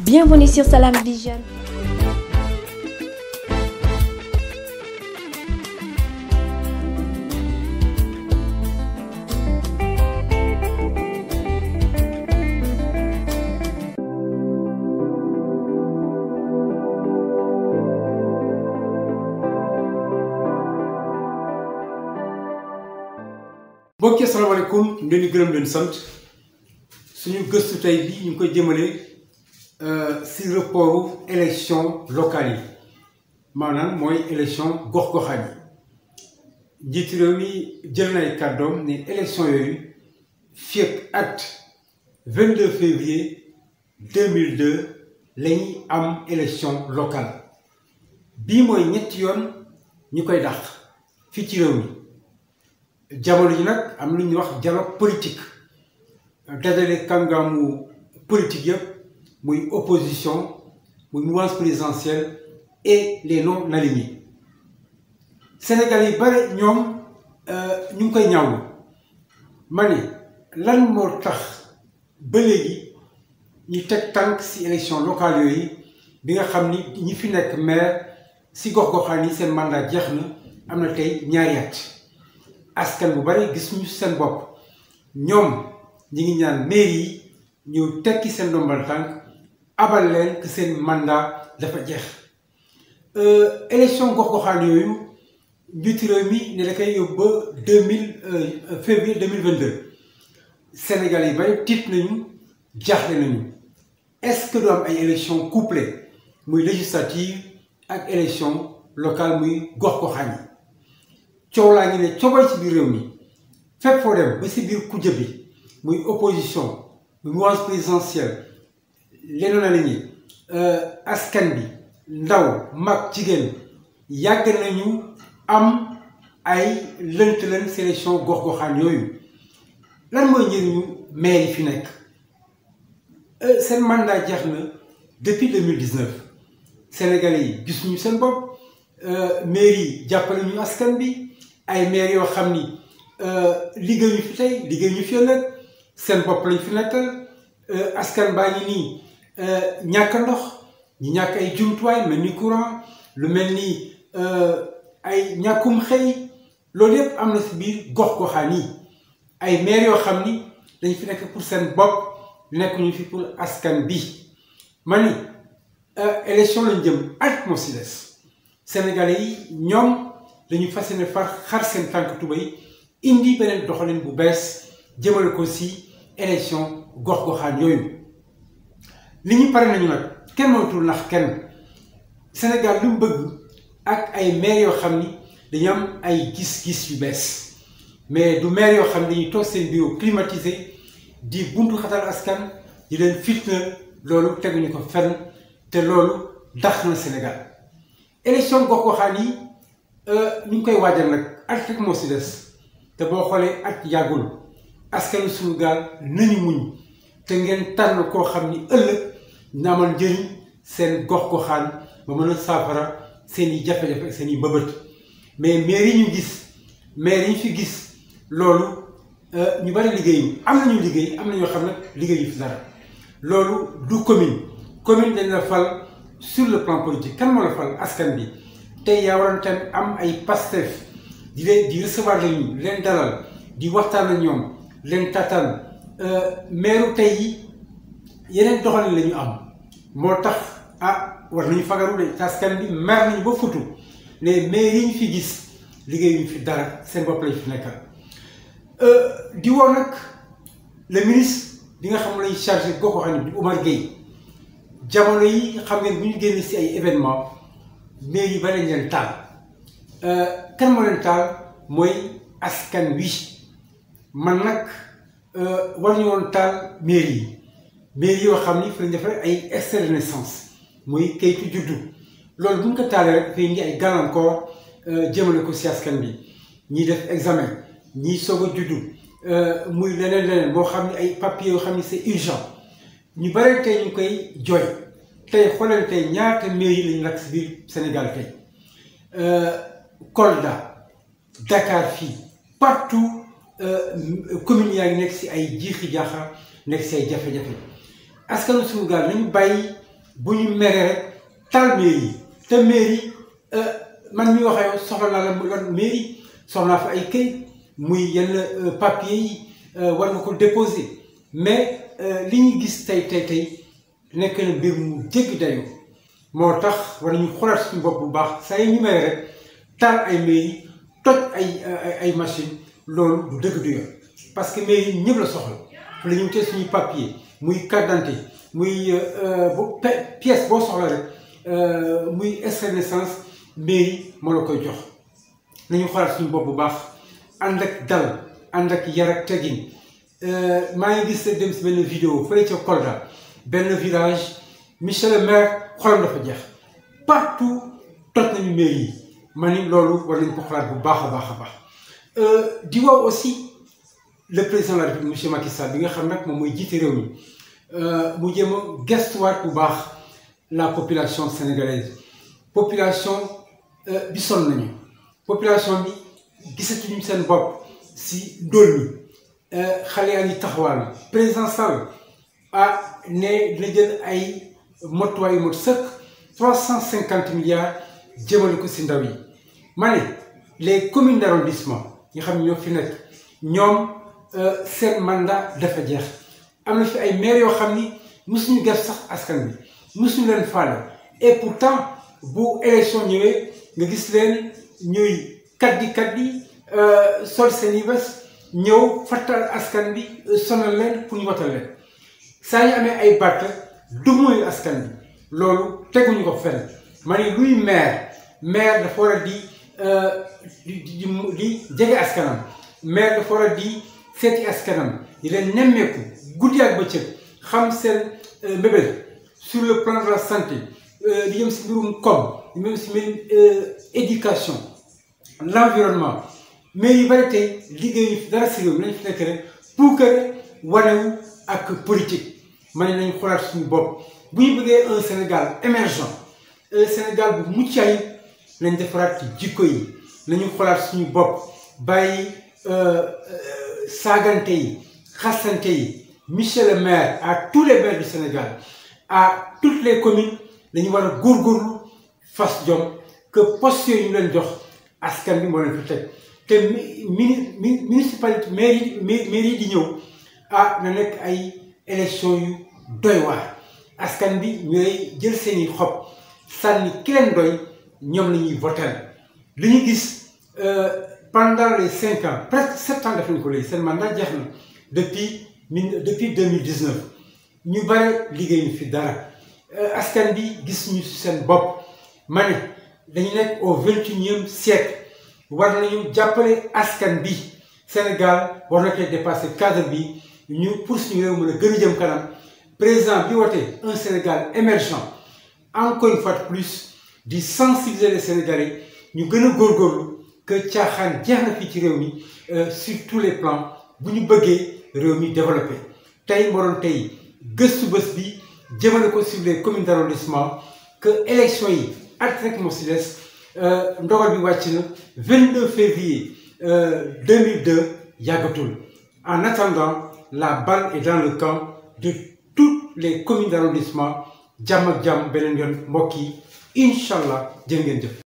Bienvenue sur Salam Vision. mbokk yi asalaamaaleykum ñu leen di gërëm leen gëstu tey bii ñu koy jëmale. Euh, si reportu élection locale yi maanaam mooy élection gox-goxaan yi njiitu réew mi jël nay kàddoom ni élection yooyu fii ak at 22 février 2002 la ñuy am élection locale bii mooy ñetti yoon ñu koy dax fii ci réew mi jamono ji nag am lu ñuy wax dialogue politique dajale kàngaamu politique yëpp. muy opposition muy mouvance présidentielle et les non-alignés Sénégal yi bare ñoom euh, ñu ngi koy ñaw ma ne lan moo tax ba léegi ñu teg tànk ci élection locale yooyu bi nga xam ni ñi fi nekk maire ci gox-goxaan yi seen mandat jeex na am na tey ñaari at askan bu bari gis ñu seen bopp ñoom ñi ngi ñaan mairie yi ñu tekki seen ndombal tànk abal leen que seen mandat dafa jeex euh, élection gox-goxaan yooyu njiitu réew mi ne da koy yóbbu ba mille euh, février deux Sénégal yi bari tiit nañu jaaxle nañu est-ce ay élection couplée muy législative ak élection locale muy gox-goxaan yi coow laa ngi ne coobay ci biir réew mi fépp foo dem ba si biir kujje bi muy opposition muy mouvance présidentielle. lenoon na ñi euh, askan bi ndaw mag jigéen yàgg nañu am ay lënt leen sélection gox-goxaan yooyu lan mooy njëriñu maire yi fi nekk euh, seen mandat jeex na depuis 2019 sénégalais yi gisuñu seen bopp euh, maire yi jàppale ñu askan bi ay maire yoo xam ni liggéey ñu fi tey liggéey ñu fi ëllëg seen bopp lañ fi nekkal askan baa ngi nii Euh, ñàkk ndox ñu ñàkk ay jumtuwaay mel ni courant lu mel ni euh, ay ñàkkum xëy loolu yëpp am na si biir gox goxaan yi ay maire yoo xam ni dañ fi nekk pour seen bopp nekk ñu fi pour askan bi ma ni euh, élection lañ jëm at moo si yi ñoom dañu fas yéene far xar seen tànk tubay indi beneen doxalin bu bees jëmale ko si élection gox goxaan yooyu li ñu pare nañu nag kenn mootul nax kenn Sénégal lu mu bëgg ak ay maire yoo xam ni dañu am ay gis-gis yu bees mais du maire yoo xam ne dañuy toog seen bureau climatisé di buntu xatal askan di leen fitna loolu teguñu ko fenn te loolu dax na Sénégal élection gox goxaan yi euh, ñu ngi koy waajal nag at rek moo si des te boo xoolee ak yàggul askanu suñu gaal nañu muñ te ngeen tànn koo xam ni ëllëg na amal njëriñ seen gox goxaan ba mën a saafara seen i jafe-jafe seen i mbëbët mais maire yi ñu gis maire yi ñu fi gis loolu euh, ñu bari liggéey am nañu liggéey am na ñoo xam ne liggéey yu fi dara loolu du commune commune dañ la fal sur le plan politique kan moo la fal askan bi tey yaa waroon tam am ay pastef di leen di recevoir lañu leen dalal di waxtaan ak ñoom leen tàttaan euh, meeru tey yi yeneen doxalin la ñu am moo tax ah war nañu fagaru de askan bi mer nañu ba futu les maires yi ñu fi gis liggéey ñu fi dara seen bopp lañu fi nekkal euh, di woo nag le ministre bi nga xam ne lañu chargé goxu xam ne di Omar Gueye jamono yi xam ngeen bu ñu génnee si ay événement maire yi ba leen taal euh, kan moo leen taal mooy askan wi man nag euh, war ñu woon taal maire yi mais yoo xam ni fa lañ ay extrait de naissance muy kayitu juddu loolu bu ñu ko taalee rek dafay indi ay gàllankoor euh, jëmale ko si askan bi ñiy def examen ñiy soog a juddu euh, muy leneen leneen boo xam ne ay papiers yoo xam ne c'est urgent ñu bare tey ñu koy jooy tey xooleen tey ñaata mairie lañu lakk si biir Sénégal tey euh, Kolda Dakar fii partout communes yaa ngi nekk si ay jiixi jaaxa nekk si ay jafe-jafe askanu Sénégal nañu bàyyi bu ñu meree rek tal mairie yi te mairie euh, man mi wax ak soxla naa la lan mairie soxlaa fa ay këy muy yenn euh, papier yi euh, war na ko déposer mais li ñu gis tey tey tey nekk na mbir mu jéggi dayu moo tax war nañu xoolaat suñu bopp bu baax saa yi ñu meree taal ay mairie toj ay ay machine loolu du dëgg du yoon parce que mairie ñëpp la soxla fa la suñuy papier muy carte d'identité muy euh, bu pièce boo soxla rek euh, muy extrait naissance mairie moo la koy jox nañu xoolaat suñu bopp bu baax ànd ak dal ànd ak yar ak teggin euh, maa ngi gis dem si benn vidéo fële ca Kolda benn village monsieur le maire xolam dafa jeex partout toj nañu mairie yi ma ni loolu war nañ ko xoolaat bu baax a baax baax di waaw aussi le président de la République monsieur Macky bi nga xam nag moom mooy jiite réew mi euh, mu jéem a bu baax la population sénégalaise population euh, bi sonn nañu population bi gisatuñu seen bopp si ndóol mi euh, xale yaa ngi taxawaan président Sall ah ne dina jël ay motuwaay yu mot sëkk cent cinquante milliards jëmale ko si ndaw yi ma ne les communes d' arrondissement yi xam ñoo fi ñoom. Euh, seen mandat dafa jeex am na fi ay maire yoo xam ni mosuñu def sax askan bi mosuñu leen faale et pourtant bu élection ñëwee nga gis leen ñuy kaddi kaddi euh, sol seen i bés ñëw fattal askan bi sonal leen pour ñu watal leen saa ñu amee ay bàtt du muy askan bi loolu teguñu ko fenn ma ne luy maire maire dafa war a euh, di di di jege askanam maire dafa war a di. seeti askanam yi leen nemmeeku guddi ak bëccëg xam seen euh, mbébét sur le plan de la santé li euh, jëm si mbirum koom li jëm si mbirum euh, éducation l'environnement mais yi bari tey liggéey ñu fi dara si réew mi lañu fi nekk pour que wanewu ak politique ma ne nañ xoolaat suñu bopp bu ñu bëggee un Sénégal émergent un Sénégal bu mucc ayib defaraat jikko yi lañu xolaat suñu bopp saagante yi xasante yi monsieur le maire à tous les maires du Sénégal à toute les communes dañu war a góorgóorlu fas jom que poste yooyu ñu leen jox askan bi moo leen fi teg te mini municipalité mairie mairie di ñëw ah na nekk ay élection yu doy waar askan bi ñooy jël seeni xob sànni ki leen doy ñoom la ñuy voter li ñu gis euh, pendant les cinq ans presque sept ans def ko léegi seen mandat jeex na depuis mille depuis deux mille dix ñu bare liggéeyuñu fi dara euh, askan bi gis ñu seen bopp ma dañu nekk au vingt et unième siècle war nañu jàppale askan bi Sénégal war na koy dépasser cadre bi ñu pour suñu réew mën a gën a jëm kanam président bi woote un Sénégal émergent encore une plus di sensibiliser les Sénégalais ñu gën a góorgóorlu que caaxaan jeex na fii ci réew mi euh, sur tous les plans bu ñu bëggee réew mi développé tey moo tey gëstu bës bi jëmale ko sur les communes d' arrondissement que élection yi at rek moo si des euh, ndogal bi wàcc na 22 février 2002 euh, yàggatul en attendant la balle est dans le camp de toutes les communes d' jàmm ak jàmm beneen yoon mbokki yi incha allah jërë ngeen jëf.